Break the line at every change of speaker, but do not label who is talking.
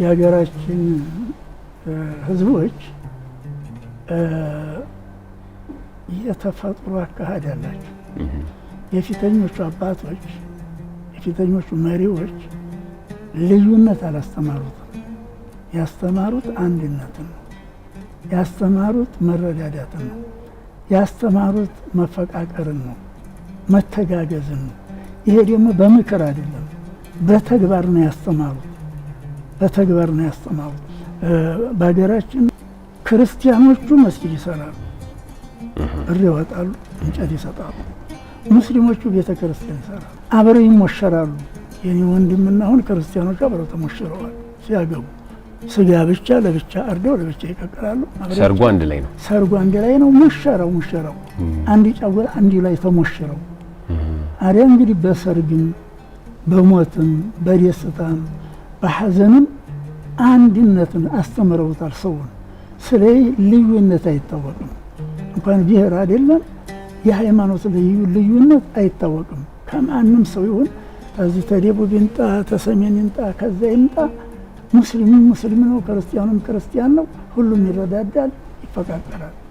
የሀገራችን ህዝቦች የተፈጥሮ አካሄድ አላቸው። የፊተኞቹ አባቶች የፊተኞቹ መሪዎች ልዩነት አላስተማሩትም። ያስተማሩት አንድነትን ነው። ያስተማሩት መረዳዳትን ነው። ያስተማሩት መፈቃቀርን ነው፣ መተጋገዝን ነው። ይሄ ደግሞ በምክር አይደለም፣ በተግባር ነው ያስተማሩት። በተግባር ነው ያስተማሩት። በሀገራችን ክርስቲያኖቹ መስጊድ ይሰራሉ፣ ብር ይወጣሉ፣ እንጨት ይሰጣሉ። ሙስሊሞቹ ቤተ ክርስቲያን ይሰራሉ፣ አብረው ይሞሸራሉ። የኔ ወንድምና አሁን ክርስቲያኖቹ አብረው ተሞሽረዋል። ሲያገቡ ስጋ ብቻ ለብቻ አርደው ለብቻ ይቀቅላሉ።
ሰርጉ አንድ ላይ ነው፣
ሰርጉ አንድ ላይ ነው። ሙሸራው ሙሸራው አንድ ጫጉላ አንድ ላይ ተሞሽረው አሪያ እንግዲህ በሰርግም በሞትም በደስታም በሐዘንም አንድነትን አስተምረውታል ሰውን። ስለ ልዩነት አይታወቅም፣ እንኳን ብሔር አይደለም የሃይማኖት ልዩነት አይታወቅም። ከማንም ሰው ይሁን ከዚህ ተደቡብ ይምጣ ተሰሜን ይምጣ ከዛ ይምጣ ሙስሊምም ሙስሊም ነው፣ ክርስቲያኑም ክርስቲያን ነው። ሁሉም ይረዳዳል፣ ይፈቃቀራል።